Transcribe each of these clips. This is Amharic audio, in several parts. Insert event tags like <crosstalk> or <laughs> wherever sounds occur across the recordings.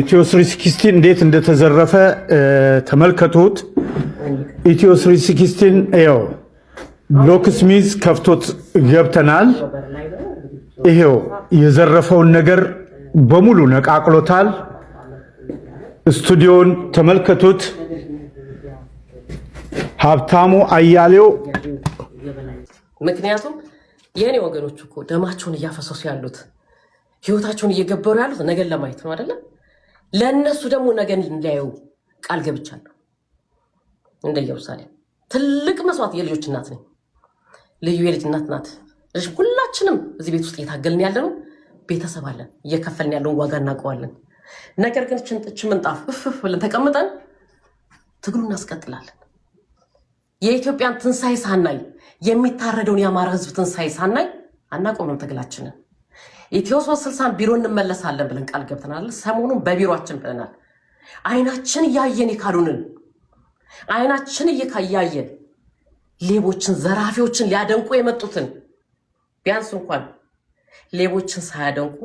ኢትዮ 360 እንዴት እንደተዘረፈ ተመልከቱት። ኢትዮ 360 ይኸው ሎክስሚዝ ከፍቶት ገብተናል። ይሄው የዘረፈውን ነገር በሙሉ ነቃቅሎታል። ስቱዲዮን ተመልከቱት። ሀብታሙ አያሌው ምክንያቱም የእኔ ወገኖች እኮ ደማቸውን እያፈሰሱ ያሉት ህይወታቸውን እየገበሩ ያሉት ነገን ለማየት ነው አይደለም። ለእነሱ ደግሞ ነገን ሊያዩ ቃል ገብቻለሁ። እንደ ኢየሩሳሌም ትልቅ መስዋዕት የልጆች እናት ነኝ። ልዩ የልጅ እናት ናት። ሁላችንም እዚህ ቤት ውስጥ እየታገልን ያለ ነው። ቤተሰብ አለን። እየከፈልን ያለውን ዋጋ እናውቀዋለን። ነገር ግን ችንጥች ምንጣፍ እፍፍ ብለን ተቀምጠን ትግሉ እናስቀጥላለን። የኢትዮጵያን ትንሣኤ ሳናይ የሚታረደውን የአማራ ሕዝብ ትንሣኤ ሳናይ አናቆምም ትግላችንን። ኢትዮ ስልሳን ቢሮ እንመለሳለን ብለን ቃል ገብተናል። ሰሞኑን በቢሮችን ብለናል። አይናችን እያየን የካዱንን አይናችን እያየን ሌቦችን፣ ዘራፊዎችን ሊያደንቁ የመጡትን ቢያንስ እንኳን ሌቦችን ሳያደንቁ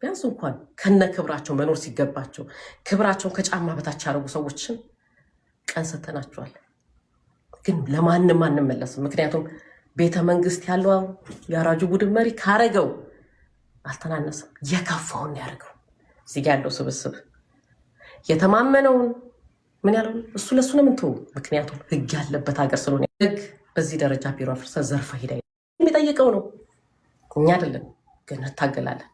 ቢያንስ እንኳን ከነ ክብራቸው መኖር ሲገባቸው ክብራቸውን ከጫማ በታች ያደረጉ ሰዎችን ቀን ሰተናቸዋል። ግን ለማንም አንመለስም። ምክንያቱም ቤተ መንግስት ያለው የአራጁ ቡድን መሪ ካረገው አልተናነሰም። የከፋውን ያደርገው እዚህ ያለው ስብስብ የተማመነውን ምን ያለው እሱ ለሱ ነው ምንትው። ምክንያቱም ህግ ያለበት ሀገር ስለሆነ ህግ በዚህ ደረጃ ቢሮ አፍርሰ ዘርፈ ሄዳ የሚጠይቀው ነው። እኛ አይደለም ግን እንታገላለን።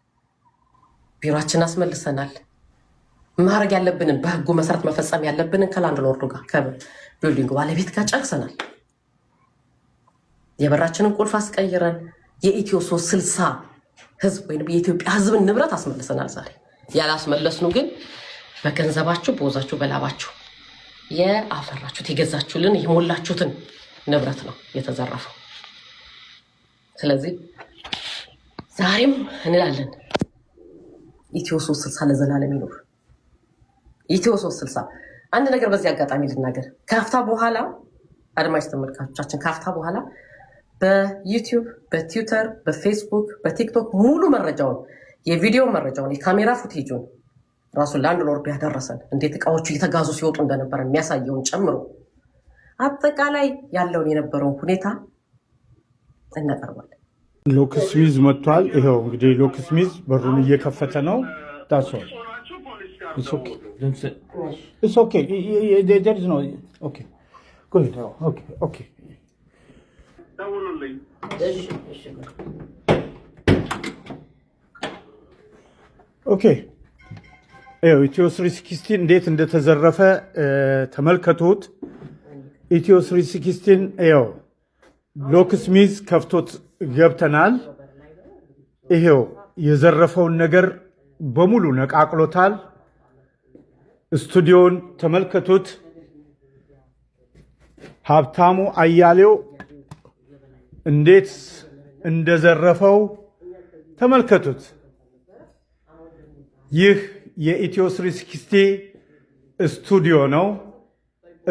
ቢሮችን አስመልሰናል። ማድረግ ያለብንን በህጉ መሰረት መፈጸም ያለብንን ከላንድሎርዱ ጋር ከቢልዲንጉ ባለቤት ጋር ጨርሰናል። የበራችንን ቁልፍ አስቀይረን የኢትዮ ሶስት ስልሳ ህዝብ ወይም የኢትዮጵያ ህዝብን ንብረት አስመልሰናል። ዛሬ ያላስመለስኑ ግን በገንዘባችሁ፣ በወዛችሁ፣ በላባችሁ የአፈራችሁት የገዛችሁልን የሞላችሁትን ንብረት ነው የተዘረፈው። ስለዚህ ዛሬም እንላለን ኢትዮ ሶስት ስልሳ ለዘላለም ይኖር። ኢትዮ ሶስት ስልሳ አንድ ነገር በዚህ አጋጣሚ ልናገር። ከሀፍታ በኋላ አድማጭ ተመልካቾቻችን ከሀፍታ በኋላ በዩቲዩብ፣ በትዊተር፣ በፌስቡክ፣ በቲክቶክ ሙሉ መረጃውን የቪዲዮ መረጃውን የካሜራ ፉቴጁን ራሱን ለአንድ ሎርዱ ያደረሰን እንዴት እቃዎቹ እየተጋዙ ሲወጡ እንደነበረ የሚያሳየውን ጨምሮ አጠቃላይ ያለውን የነበረውን ሁኔታ እናቀርባለን። ሎክስሚዝ መጥቷል። ይኸው እንግዲህ ሎክስሚዝ በሩን እየከፈተ ነው። ዳሶ ኦኬ ኦኬ ደውሉልኝ። ኦኬ ኢትዮ ስሪ ሲክስቲን እንዴት እንደተዘረፈ ተመልከቱት። ኢትዮ ስሪ ሲክስቲን ው ሎክስሚዝ ከፍቶት ገብተናል። ይሄው የዘረፈውን ነገር በሙሉ ነቃቅሎታል። ስቱዲዮውን ተመልከቱት። ሀብታሙ አያሌው እንዴት እንደዘረፈው ተመልከቱት። ይህ የኢትዮ ስቱዲዮ ነው።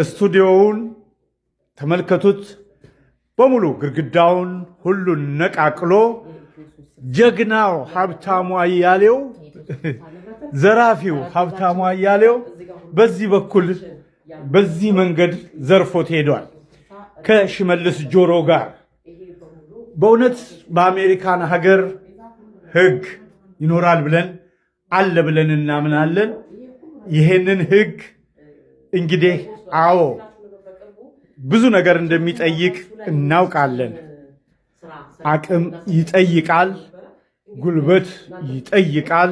ስቱዲዮውን ተመልከቱት በሙሉ ግድግዳውን ሁሉን ነቃቅሎ ጀግናው ሀብታሙ አያሌው ዘራፊው ሀብታሙ አያሌው በዚህ በኩል በዚህ መንገድ ዘርፎት ሄዷል ከሽመልስ ጆሮ ጋር በእውነት በአሜሪካን ሀገር ህግ ይኖራል ብለን አለ ብለን እናምናለን። ይሄንን ህግ እንግዲህ አዎ ብዙ ነገር እንደሚጠይቅ እናውቃለን። አቅም ይጠይቃል፣ ጉልበት ይጠይቃል፣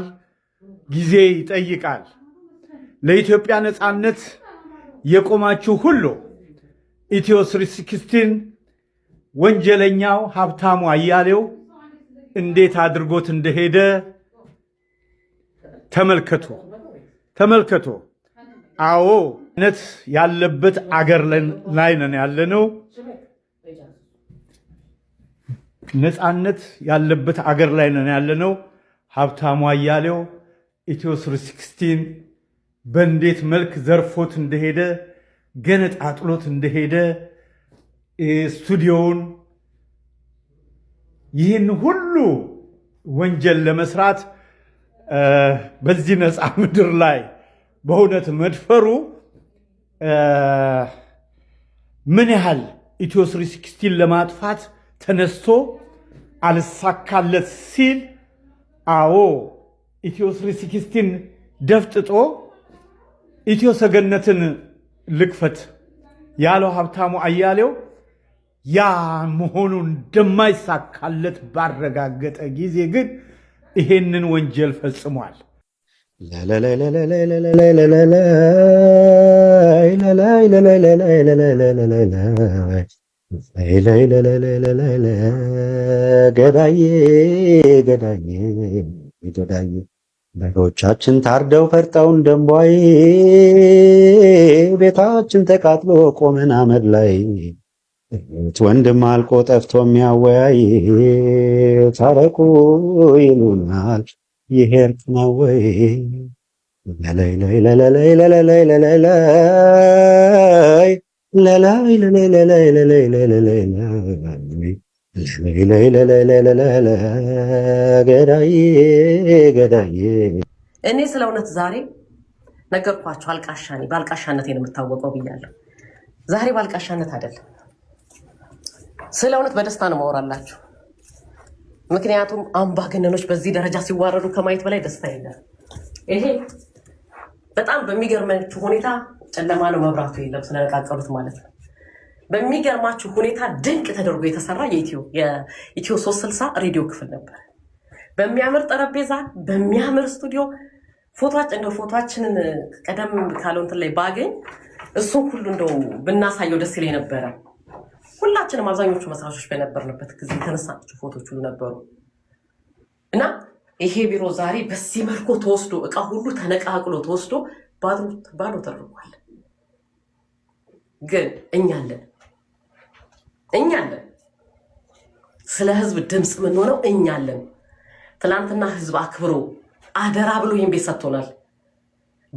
ጊዜ ይጠይቃል። ለኢትዮጵያ ነፃነት የቆማችሁ ሁሉ ኢትዮ ስሪ ሲክስቲን ወንጀለኛው ሀብታሙ አያሌው እንዴት አድርጎት እንደሄደ ተመልከቱ ተመልከቱ። አዎ ነት ያለበት አገር ላይ ነን ያለነው። ነፃነት ያለበት አገር ላይ ነን ያለነው። ሀብታሙ አያሌው ኢትዮ ስሪ ሲክስቲን በእንዴት መልክ ዘርፎት እንደሄደ ገነጣጥሎት እንደሄደ ስቱዲዮውን ይህን ሁሉ ወንጀል ለመስራት በዚህ ነፃ ምድር ላይ በእውነት መድፈሩ ምን ያህል ኢትዮ ስሪ ሲክስቲን ለማጥፋት ተነስቶ አልሳካለት ሲል፣ አዎ ኢትዮ ስሪ ሲክስቲን ደፍጥጦ ኢትዮ ሰገነትን ልክፈት ያለው ሀብታሙ አያሌው ያ መሆኑ እንደማይሳካለት ባረጋገጠ ጊዜ ግን ይሄንን ወንጀል ፈጽሟል። ገዳዬ ገዳዬ ገዳዬ በሮቻችን ታርደው ፈርጠው እንደንቧይ ቤታችን ተቃጥሎ ቆመን አመድ ላይ ወንድም አልቆ ጠፍቶ የሚያወያይ ታረቁ ይሉናል ይሄርቅ ነው ወይ? ገዳዬ ገዳዬ እኔ ስለ እውነት ዛሬ ነገርኳቸው። አልቃሻኔ በአልቃሻነት የምታወቀው ብያለሁ። ዛሬ በአልቃሻነት አይደለም ስለ እውነት በደስታ ነው ማወራላችሁ። ምክንያቱም አምባገነኖች በዚህ ደረጃ ሲዋረዱ ከማየት በላይ ደስታ የለም። ይሄ በጣም በሚገርመችሁ ሁኔታ ጨለማ ነው መብራቱ የለም ስለነቃቀሉት ማለት ነው። በሚገርማችሁ ሁኔታ ድንቅ ተደርጎ የተሰራ የኢትዮ ሶስት ስልሳ ሬዲዮ ክፍል ነበር። በሚያምር ጠረጴዛ፣ በሚያምር ስቱዲዮ ፎቶች እንደ ፎቶችንን ቀደም ካለው እንትን ላይ ባገኝ እሱን ሁሉ እንደው ብናሳየው ደስ ይለኝ ነበረ። ሁላችንም አብዛኞቹ መስራቾች በነበርንበት ጊዜ የተነሳቸው ፎቶች ሁሉ ነበሩ እና ይሄ ቢሮ ዛሬ በዚህ መልኩ ተወስዶ እቃ ሁሉ ተነቃቅሎ ተወስዶ ባዶ ተደርጓል። ግን እኛለን እኛለን ስለ ህዝብ ድምፅ የምንሆነው እኛለን። ትናንትና ህዝብ አክብሮ አደራ ብሎ ይህን ቤት ሰጥቶናል።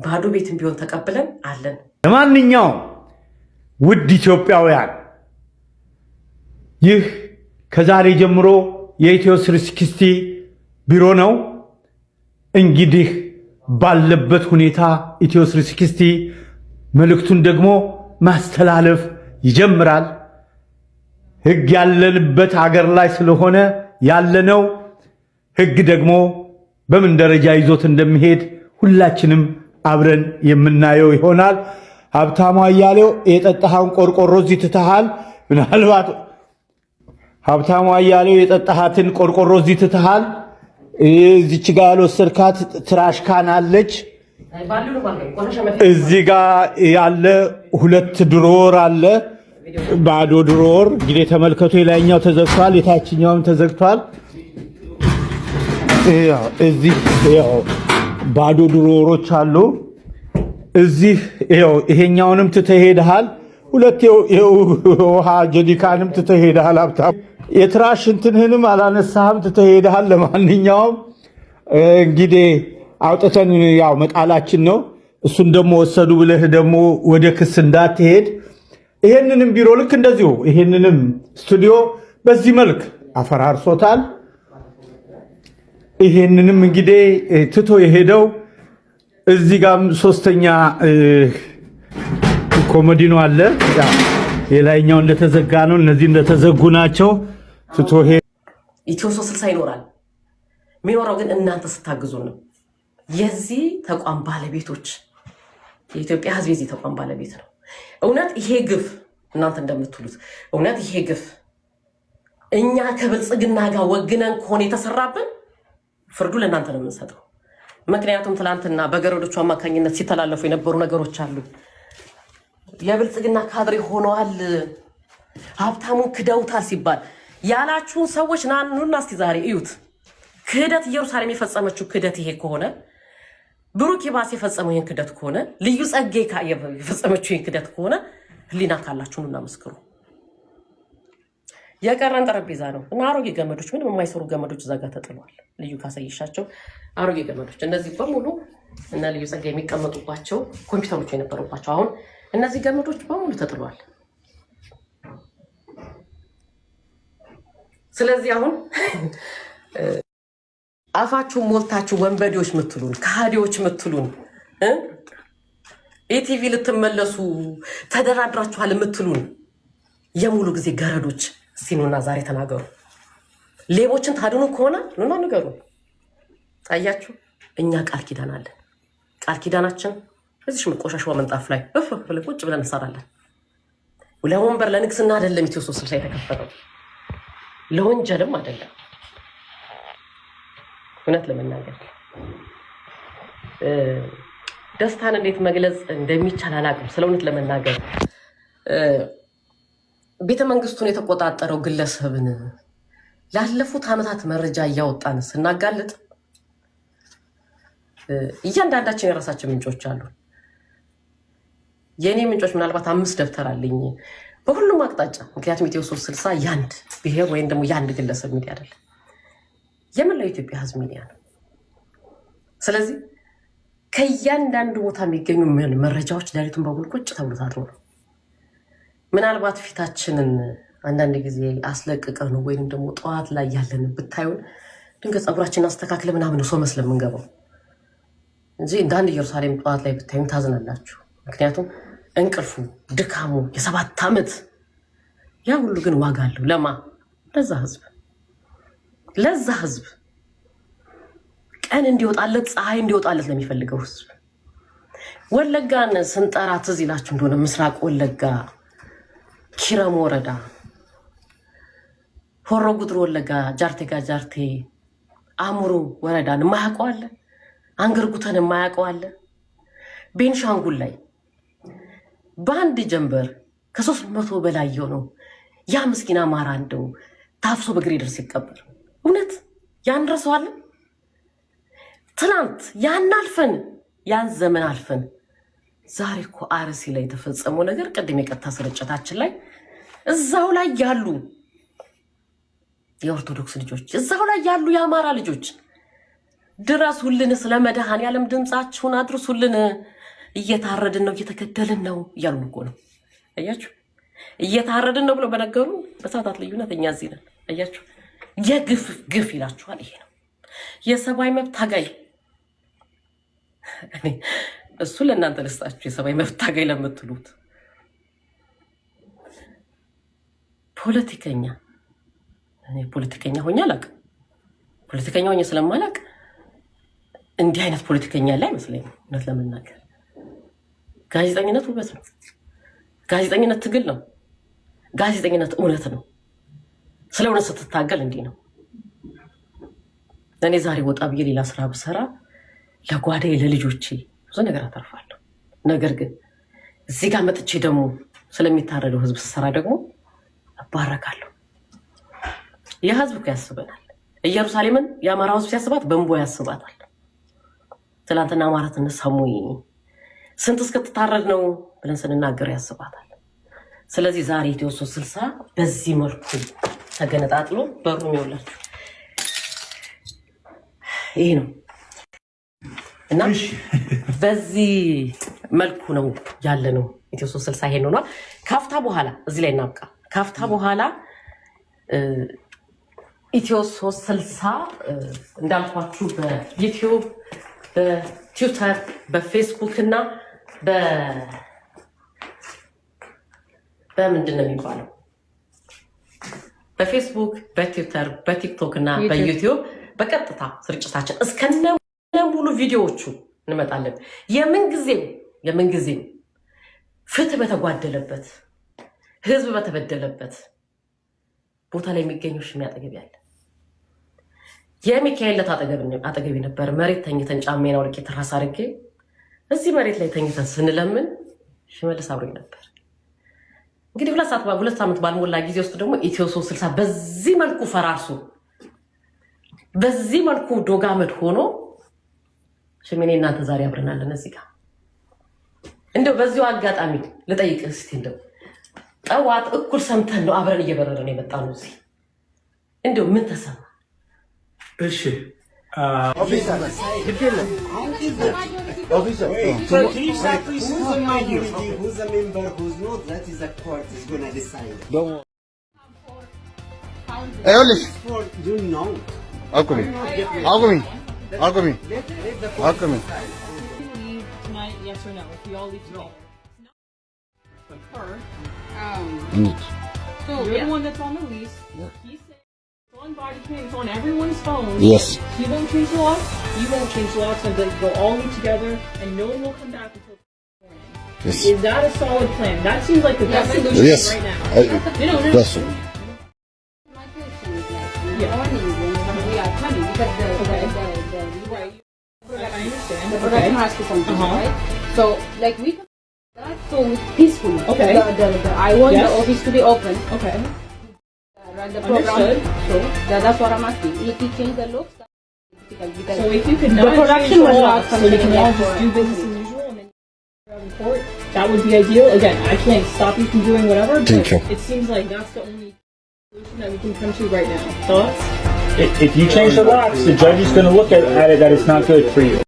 ባዶ ቤትም ቢሆን ተቀብለን አለን። ለማንኛውም ውድ ኢትዮጵያውያን ይህ ከዛሬ ጀምሮ የኢትዮ ስሪ ቢሮ ነው። እንግዲህ ባለበት ሁኔታ ኢትዮ ስሪ መልእክቱን ደግሞ ማስተላለፍ ይጀምራል። ህግ ያለንበት አገር ላይ ስለሆነ ያለነው ህግ ደግሞ በምን ደረጃ ይዞት እንደሚሄድ ሁላችንም አብረን የምናየው ይሆናል። ሀብታሙ አያሌው የጠጣኸውን ቆርቆሮ እዚህ ትተሃል ምናልባት ሀብታሙ አያሌው የጠጣሃትን ቆርቆሮ እዚህ ትትሃል። እዚች ጋ ያልወሰድካት ትራሽ ካን አለች። እዚህ ጋ ያለ ሁለት ድሮወር አለ፣ ባዶ ድሮወር። እንግዲህ ተመልከቱ፣ የላይኛው ተዘግቷል፣ የታችኛውም ተዘግቷል። እዚህ ባዶ ድሮወሮች አሉ። እዚህ ይሄኛውንም ትተሄድሃል፣ ሁለት የውሃ ጀሪካንም ትተሄድሃል ሀብታሙ የትራሽ እንትንህንም አላነሳህም ትተሄድሃል። ለማንኛውም እንግዲህ አውጥተን ያው መጣላችን ነው። እሱን ደግሞ ወሰዱ ብለህ ደግሞ ወደ ክስ እንዳትሄድ። ይሄንንም ቢሮ ልክ እንደዚሁ ይሄንንም ስቱዲዮ በዚህ መልክ አፈራርሶታል። ይሄንንም እንግዲህ ትቶ የሄደው እዚህ ጋም ሶስተኛ ኮመዲኖ አለ። የላይኛው እንደተዘጋ ነው። እነዚህ እንደተዘጉ ናቸው። ትቶሄ ኢትዮ ሶስት ስልሳ ይኖራል። የሚኖረው ግን እናንተ ስታግዙ ነው። የዚህ ተቋም ባለቤቶች የኢትዮጵያ ሕዝብ የዚህ ተቋም ባለቤት ነው። እውነት ይሄ ግፍ እናንተ እንደምትሉት እውነት ይሄ ግፍ እኛ ከብልጽግና ጋር ወግነን ከሆነ የተሰራብን ፍርዱ ለእናንተ ነው የምንሰጠው። ምክንያቱም ትናንትና በገረዶቹ አማካኝነት ሲተላለፉ የነበሩ ነገሮች አሉ። የብልጽግና ካድሬ ሆነዋል፣ ሀብታሙን ክደውታል ሲባል ያላችሁን ሰዎች ናኑና እስቲ ዛሬ እዩት። ክህደት ኢየሩሳሌም የፈጸመችው ክህደት ይሄ ከሆነ ብሩክ ባስ የፈጸመው ይህን ክህደት ከሆነ ልዩ ጸጌ የፈጸመችው ይህን ክህደት ከሆነ ህሊና ካላችሁ ኑና መስክሩ። የቀረን ጠረጴዛ ነው እና አሮጌ ገመዶች፣ ምንም የማይሰሩ ገመዶች እዛ ጋር ተጥሏል። ልዩ ካሳየሻቸው አሮጌ ገመዶች እነዚህ በሙሉ እና ልዩ ጸጋ የሚቀመጡባቸው ኮምፒውተሮች የነበሩባቸው አሁን እነዚህ ገመዶች በሙሉ ተጥሏል። ስለዚህ አሁን አፋችሁን ሞልታችሁ ወንበዴዎች ምትሉን ከሃዲዎች ምትሉን ኢቲቪ ልትመለሱ ተደራድራችኋል የምትሉን የሙሉ ጊዜ ገረዶች ሲኑና ዛሬ ተናገሩ። ሌቦችን ታድኑ ከሆነ ኑና ንገሩ። አያችሁ፣ እኛ ቃል ኪዳን አለን። ቃል ኪዳናችን እዚሽ መቆሻሻዋ መንጣፍ ላይ ቁጭ ብለን እንሰራለን። ለወንበር ለንግስና አይደለም ኢትዮ ሶስት ላይ የተከፈተው ለወንጀልም አይደለም። እውነት ለመናገር ደስታን እንዴት መግለጽ እንደሚቻል አላውቅም። ስለ እውነት ለመናገር ቤተ መንግስቱን የተቆጣጠረው ግለሰብን ላለፉት ዓመታት መረጃ እያወጣን ስናጋልጥ እያንዳንዳችን የራሳችን ምንጮች አሉ። የእኔ ምንጮች ምናልባት አምስት ደብተር አለኝ በሁሉም አቅጣጫ። ምክንያቱም ኢትዮ ሶስት ስልሳ የአንድ ብሔር ወይም ደግሞ የአንድ ግለሰብ ሚዲያ አይደለም፣ የመላው ኢትዮጵያ ሕዝብ ሚዲያ ነው። ስለዚህ ከእያንዳንዱ ቦታ የሚገኙ መረጃዎች ዳሪቱን በሙሉ ቁጭ ተብሎ ታድሮ ነው። ምናልባት ፊታችንን አንዳንድ ጊዜ አስለቅቀን ወይም ደግሞ ጠዋት ላይ ያለን ብታዩን ድንገት ፀጉራችንን አስተካክለ ምናምን ሰው መስለ የምንገባው እንጂ ኢየሩሳሌም ጠዋት ላይ ብታዩን ታዝናላችሁ። ምክንያቱም እንቅልፉ፣ ድካሙ፣ የሰባት ዓመት ያ ሁሉ ግን ዋጋ አለው። ለማ ለዛ ህዝብ ለዛ ህዝብ ቀን እንዲወጣለት ፀሐይ እንዲወጣለት ለሚፈልገው ህዝብ ወለጋን ስንጠራ ትዝ ይላችሁ እንደሆነ ምስራቅ ወለጋ ኪረም ወረዳ ሆሮ ጉድሩ ወለጋ ጃርቴ ጋ ጃርቴ አእምሮ ወረዳን የማያውቀዋለ አንገርጉተን የማያውቀዋለ ቤንሻንጉል ላይ በአንድ ጀንበር ከሶስት መቶ በላይ የሆነው ያ ምስኪን አማራ እንደው ታፍሶ በግሬ ደርስ ይቀበር። እውነት ያንረሰዋለን። ትናንት ያን አልፈን ያን ዘመን አልፈን ዛሬ እኮ አርሲ ላይ የተፈጸመው ነገር ቅድም የቀጥታ ስርጭታችን ላይ እዛው ላይ ያሉ የኦርቶዶክስ ልጆች እዛው ላይ ያሉ የአማራ ልጆች ድረሱልን፣ ስለ መድኃኔዓለም ድምፃችሁን አድርሱልን። እየታረድን ነው፣ እየተገደልን ነው እያሉ እኮ ነው። አያችሁ፣ እየታረድን ነው ብለው በነገሩ በሰዓታት ልዩነት እኛ እዚህ ነን። አያችሁ፣ የግፍ ግፍ ይላችኋል። ይሄ ነው የሰብአዊ መብት ታጋይ። እሱ ለእናንተ ልስጣችሁ፣ የሰብአዊ መብት ታጋይ ለምትሉት ፖለቲከኛ ፖለቲከኛ ሆኜ አላውቅም። ፖለቲከኛ ሆኜ ስለማላውቅ እንዲህ አይነት ፖለቲከኛ ላይ አይመስለኝም እውነት ለመናገር ጋዜጠኝነት ውበት ነው። ጋዜጠኝነት ትግል ነው። ጋዜጠኝነት እውነት ነው። ስለ እውነት ስትታገል እንዲህ ነው። እኔ ዛሬ ወጣ ብዬ ሌላ ስራ ብሰራ ለጓዳዬ ለልጆቼ ብዙ ነገር አተርፋለሁ። ነገር ግን እዚህ ጋር መጥቼ ደግሞ ስለሚታረደው ህዝብ ስሰራ ደግሞ እባረካለሁ። ይህ ህዝብ እኮ ያስበናል። ኢየሩሳሌምን የአማራ ህዝብ ሲያስባት በንቦ ያስባታል። ትላንትና አማራትነት ሰሙ ስንት እስክትታረድ ነው ብለን ስንናገር ያስባታል። ስለዚህ ዛሬ ኢትዮ ሶስት ስልሳ በዚህ መልኩ ተገነጣጥሎ በሩ ይውላችሁ ይህ ነው እና <laughs> በዚህ መልኩ ነው ያለ ነው። ኢትዮ ሶስት ስልሳ ይሄን ሆኗል። ካፍታ በኋላ እዚህ ላይ እናብቃ። ካፍታ በኋላ ኢትዮ ሶስት ስልሳ እንዳልኳችሁ በዩቲዩብ በትዊተር በፌስቡክ እና በምንድን ነው የሚባለው? በፌስቡክ በትዊተር በቲክቶክ እና በዩቲዩብ በቀጥታ ስርጭታችን እስከነ ሙሉ ቪዲዮዎቹ እንመጣለን። የምንጊዜም የምንጊዜም ፍትህ በተጓደለበት ህዝብ በተበደለበት ቦታ ላይ የሚገኙ ሽሚ አጠገብ ያለ የሚካኤልለት አጠገቢ ነበር። መሬት ተኝተን ጫሜን አውልቄ ትራስ አድርጌ እዚህ መሬት ላይ ተኝተን ስንለምን ሽመልስ አብሮኝ ነበር። እንግዲህ ሁለት ሰዓት ሁለት ዓመት ባልሞላ ጊዜ ውስጥ ደግሞ ኢትዮ ሶስት ስልሳ በዚህ መልኩ ፈራርሱ በዚህ መልኩ ዶጋመድ ሆኖ ሽሜኔ እናንተ ዛሬ አብረናለን እዚህ ጋር እንደው በዚሁ አጋጣሚ ልጠይቅህ እስኪ እንደው ጠዋት እኩል ሰምተን ነው አብረን ነው የመጣ ነው እዚህ እንደው ምን ተሰማ? እሺ Officer, Wait, sir, can you stop please? Who's a member, who's a member, who's not, that is a court is gonna decide. Don't worry. Hey, Olish. You know. I'll come in. I'll come in. come in. i Leave tonight, yes or no? If we all leave tonight. No. Her. Um. So you're the one that's on the lease. He's on everyone's phone. Yes. You won't change the locks. You won't change the locks, and they go all meet together, and no one will come back until. Yes. Is that a solid plan? That seems like the best solution Yes. right now. I, You know, there's- that's My we are coming because the Okay. the, the, the, right. the Uh-huh. right? So like we can start so peacefully. Okay. The, the, the, I want Yes. the office to be open. Okay changed the looks. so if you could the production was not so you can all just do business as usual and report. That would be ideal. Again, I can't stop you from doing whatever, but it seems like that's the only solution that we can come to right now. Thoughts? If you change the locks, the judge is going to look at it that it's not good for you.